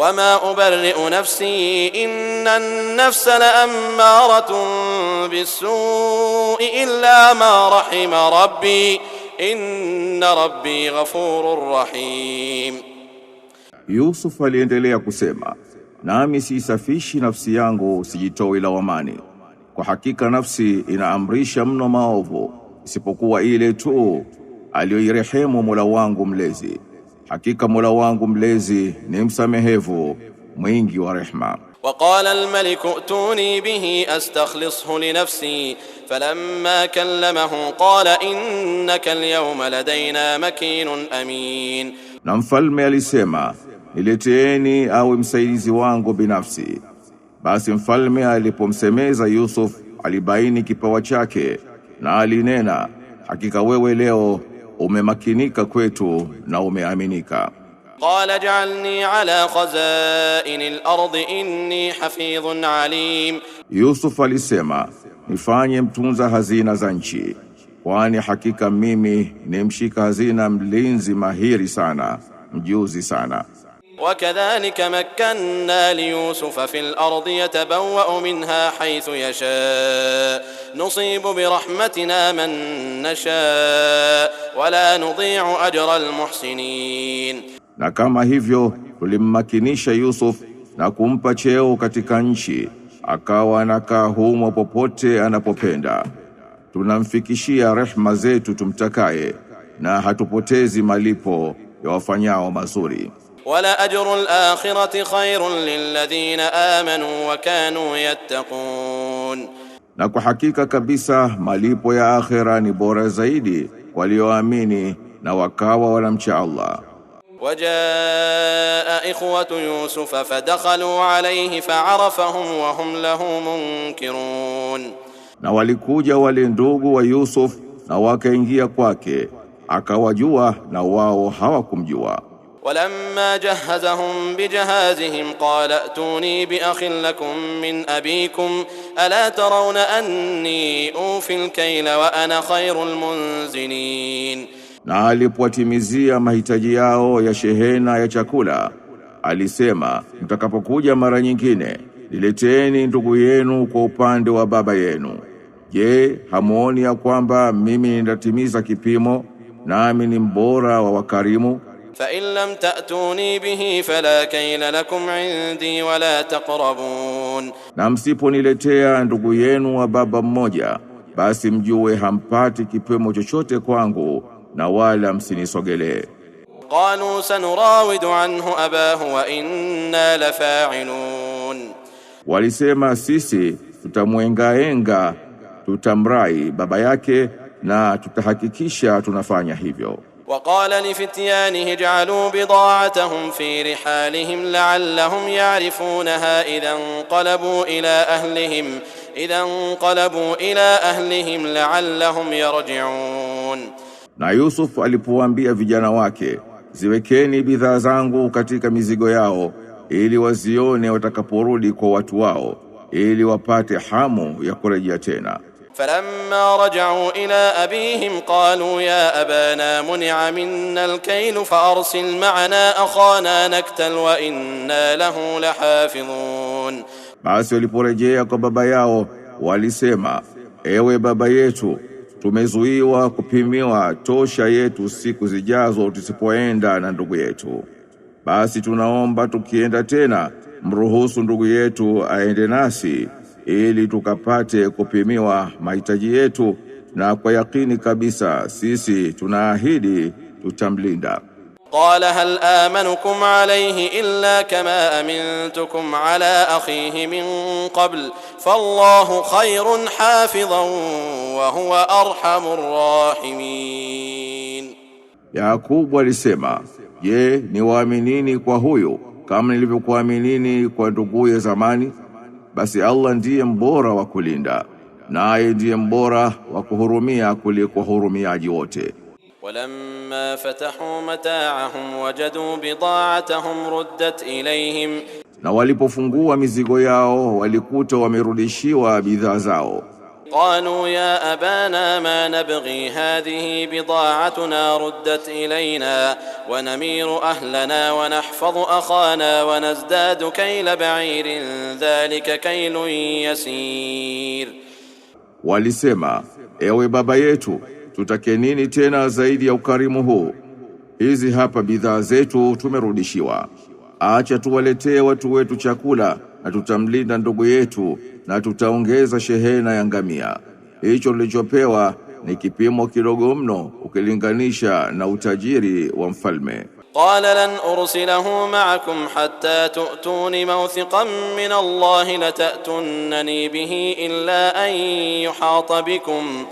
وما أبرئ نفسي إن النفس لأمارة بالسوء إلا ما رحم ربي إن ربي غفور رحيم Yusuf aliendelea kusema, nami siisafishi nafsi yangu sijitoe lawamani. Kwa hakika nafsi inaamrisha mno maovu, isipokuwa ile tu aliyoirehemu Mola wangu mlezi Hakika Mola wangu mlezi ni msamehevu mwingi wa rehma. وقال الملك ائتوني به أستخلصه لنفسي فلما كلمه قال إنك اليوم لدينا makinun amin Na mfalme alisema nileteeni awe msaidizi wangu binafsi. Basi mfalme alipomsemeza Yusuf alibaini kipawa chake na alinena, hakika wewe leo umemakinika kwetu na umeaminika. Qala ja'alni ala khazaini al ard inni hafidhun alim, Yusuf alisema nifanye mtunza hazina za nchi, kwani hakika mimi ni mshika hazina mlinzi mahiri sana, mjuzi sana. Wakadhalika makkanna li fi fil ardi yatabawwa'u minha haythu yasha نصيب برحمتنا من نشاء ولا نضيع ajra almuhsinin, na kama hivyo tulimmakinisha Yusuf na kumpa cheo katika nchi, akawa anakaa humo popote anapopenda. Tunamfikishia rehma zetu tumtakaye, na hatupotezi malipo ya wafanyao mazuri. Wala ajru akhirati khairun lilladhina amanu wa kanu yattaqun na kwa hakika kabisa malipo ya akhera ni bora zaidi walioamini na wakawa wanamcha Allah. Wajaa ikhwatu yusuf fadakhalu alayhi fa'arafahum wa hum lahu munkirun, na walikuja wale ndugu wa Yusuf na wakaingia kwake akawajua na wao hawakumjua. ولما جهزهم بجهازهم قال ائتوني بأخ لكم من أبيكم ألا ترون أني أوفي الكيل وأنا خير المنزلين na alipowatimizia mahitaji yao ya shehena ya chakula alisema mtakapokuja mara nyingine nileteeni ndugu yenu kwa upande wa baba yenu je hamuoni ya kwamba mimi nitatimiza kipimo nami ni mbora wa wakarimu فإن لم تأتوني به fala kaila lakum indi wala taqrabun, na msiponiletea ndugu yenu wa baba mmoja, basi mjue hampati kipemo chochote kwangu na wala msinisogelee. Qalu sanurawidu anhu abahu wa inna lafa'ilun, walisema sisi tutamwengaenga, tutamrai baba yake na tutahakikisha tunafanya hivyo. وقال لفتيانه اجعلوا بضاعتهم في رحالهم لعلهم يعرفونها إذا انقلبوا إلى أهلهم إذا انقلبوا إلى أهلهم لعلهم يرجعون na Yusuf alipowaambia vijana wake, ziwekeni bidhaa zangu katika mizigo yao, ili wazione watakaporudi kwa watu wao, ili wapate hamu ya kurejea tena. فلما رجعوا إلى أبيهم قالوا يا أبانا منع منا الكيل فأرسل معنا أخانا نكتل وإنا له لحافظون Basi waliporejea kwa baba yao walisema, ewe baba yetu, tumezuiwa kupimiwa tosha yetu siku zijazo tusipoenda na ndugu yetu. Basi tunaomba tukienda tena, mruhusu ndugu yetu aende nasi ili tukapate kupimiwa mahitaji yetu, na kwa yakini kabisa sisi tunaahidi tutamlinda. Qala hal amanukum alayhi illa kama amintukum ala akhihi min qabl fallahu khayrun hafidhan wa huwa arhamur rahimin, Yakubu alisema je, niwaaminini kwa huyo kama nilivyokuaminini kwa nduguye zamani? basi Allah ndiye mbora wa kulinda, naye ndiye mbora wa kuhurumia kuliko hurumiaji wote. Walamma fatahu mataahum wajadu bidaatahum ruddat ilayhim, na walipofungua mizigo yao walikuta wamerudishiwa bidhaa zao قالوا يا أبانا ما نبغي هذه بضاعتنا ردت إلينا ونمير أهلنا ونحفظ أخانا ونزداد كيل بعير ذلك كيل يسير ولسما ewe baba yetu tutake nini tena zaidi ya ukarimu huu hizi hapa bidhaa zetu tumerudishiwa acha tuwaletee watu wetu chakula na tutamlinda ndugu yetu na tutaongeza shehena ya ngamia. Hicho tulichopewa ni kipimo kidogo mno ukilinganisha na utajiri wa mfalme. Qala lan ursilahu ma'akum hatta tu'tuni mawthiqan min Allah lata'tunnani bihi illa an yuhata bikum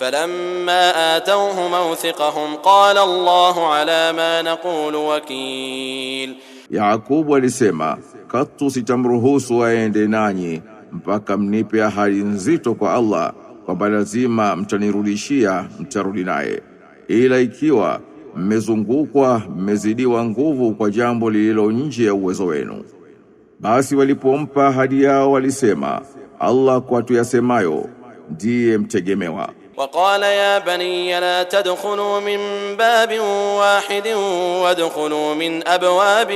falamma atawhu mawthiqahum qala Allahu ala ma naqulu wakil Yakubu alisema katu sitamruhusu aende nanyi mpaka mnipe ahadi nzito kwa Allah kwamba lazima mtanirudishia, mtarudi naye, ila ikiwa mmezungukwa, mmezidiwa nguvu kwa jambo lililo nje ya uwezo wenu. Basi walipompa ahadi yao walisema, Allah kwa tuyasemayo ndiye mtegemewa. وقال يا بني لا تدخلوا من باب واحد وادخلوا من أبواب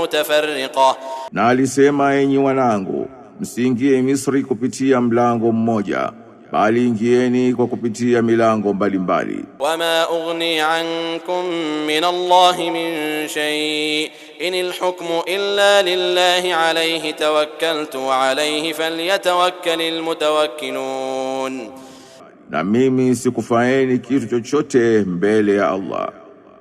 متفرقة na alisema enyi wanangu msiingie Misri kupitia mlango mmoja bali ingieni kwa kupitia milango mbalimbali. wama ughni ankum min Allah min shay in alhukmu illa lillahi alayhi tawakkaltu wa alayhi falyatawakkalil mutawakkilun na mimi sikufaeni kitu chochote mbele ya Allah.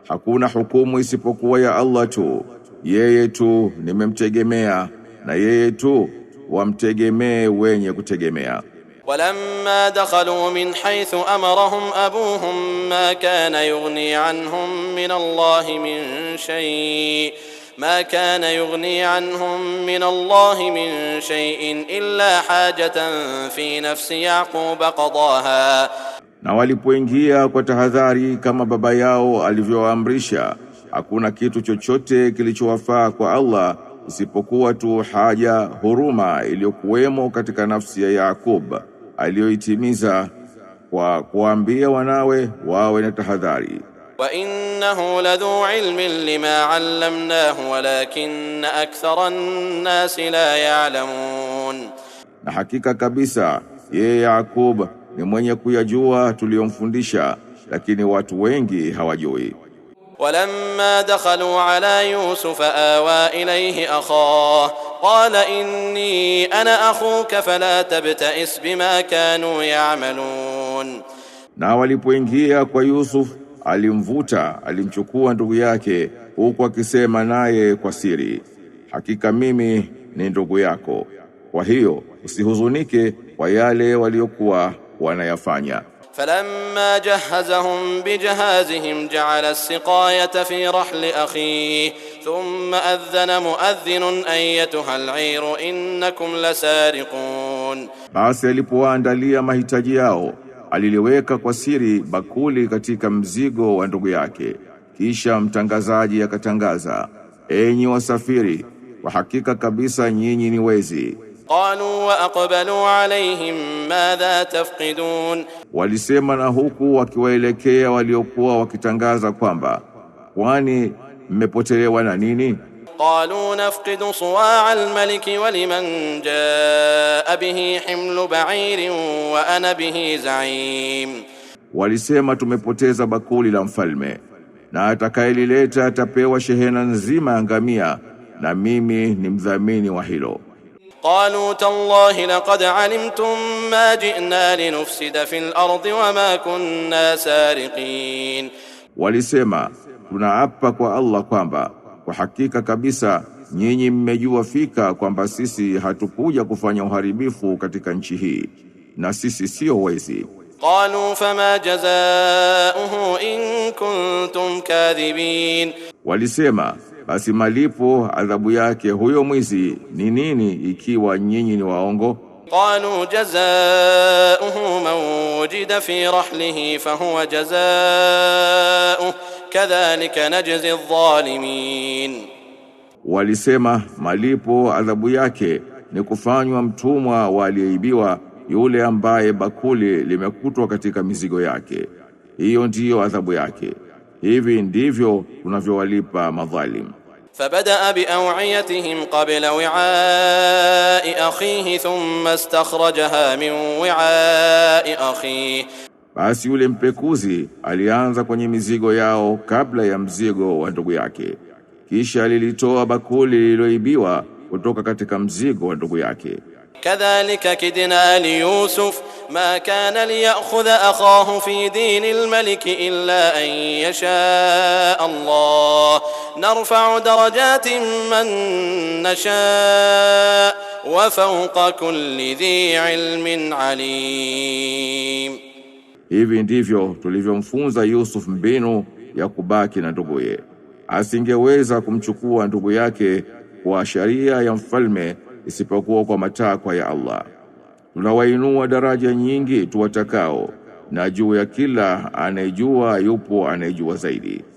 Hakuna hukumu isipokuwa ya Allah tu, yeye tu nimemtegemea, na yeye tu wamtegemee wenye kutegemea. Walamma dakhalu min haythu amarahum abuhum ma kana yughni anhum min Allah min shay'in ما كان يغني عنهم من الله من شيء illa hajatan fi نفس يعقوب قضاها na walipoingia kwa tahadhari kama baba yao alivyoamrisha, hakuna kitu chochote kilichowafaa kwa Allah isipokuwa tu haja, huruma iliyokuwemo katika nafsi ya Yaqub aliyoitimiza kwa kuambia wanawe wawe na tahadhari. وإنه لذو علم لما علمناه ولكن أكثر الناس la ya'lamun na hakika kabisa yeye Yakub ni mwenye kuyajua tuliyomfundisha, lakini watu wengi hawajui. ولما دخلوا على يوسف آوى إليه أخاه قال إني أنا أخوك فلا تبتئس بما كانوا يعملون. Na walipoingia kwa Yusuf alimvuta alimchukua ndugu yake huku akisema naye kwa siri, hakika mimi ni ndugu yako, kwa hiyo usihuzunike kwa yale waliokuwa wanayafanya. falamma jahazahum bijahazihim ja'ala as-siqayata fi rahli akhihi thumma adhana muadhdhinun ayyatuha al-'ayru innakum lasariqun, basi alipoandalia mahitaji yao aliliweka kwa siri bakuli katika mzigo wa ndugu yake. Kisha mtangazaji akatangaza, enyi wasafiri, kwa hakika kabisa nyinyi ni wezi. Qalu wa aqbalu alayhim madha tafqidun, walisema na huku wakiwaelekea waliokuwa wakitangaza kwamba kwani mmepotelewa na nini? قالوا نفقد صواع الملك ولمن جاء به himlu ba'ir wa ana bihi za'im, walisema tumepoteza bakuli la mfalme na atakayelileta atapewa shehena nzima ya ngamia na mimi ni mdhamini wa hilo. Qalu tallahi laqad alimtum ma ji'na linufsida fi ardi wa ma kunna sariqin, walisema tunaapa kwa Allah kwamba kwa hakika kabisa nyinyi mmejua fika kwamba sisi hatukuja kufanya uharibifu katika nchi hii na sisi sio wezi. Qalu fama jazaohu in kuntum kadhibin, walisema basi malipo adhabu yake huyo mwizi ni nini ikiwa nyinyi ni waongo? Qalu jazaohu man wujida fi rahlihi fahuwa jazaohu kadhalika najzi adh-dhalimin, walisema malipo adhabu yake ni kufanywa mtumwa wa aliyeibiwa yule ambaye bakuli limekutwa katika mizigo yake, hiyo ndiyo adhabu yake. Hivi ndivyo tunavyowalipa madhalim. Fabadaa biawiyatihim qabla wi'ai akhihi thumma istakhrajaha min wi'ai akhihi Basi yule mpekuzi alianza kwenye mizigo yao kabla ya mzigo wa ndugu yake, kisha alilitoa bakuli lililoibiwa kutoka katika mzigo wa ndugu yake. Kadhalika kidna li Yusuf ma kana liyakhudha akhahu fi dini almalik illa an yasha Allah narfa'u darajatin man nasha wa fawqa kulli dhi ilmin alim Hivi ndivyo tulivyomfunza Yusuf mbinu ya kubaki na nduguye. Asingeweza kumchukua ndugu yake kwa sharia ya mfalme isipokuwa kwa matakwa ya Allah. Tunawainua daraja nyingi tuwatakao, na juu ya kila anayejua yupo anayejua zaidi.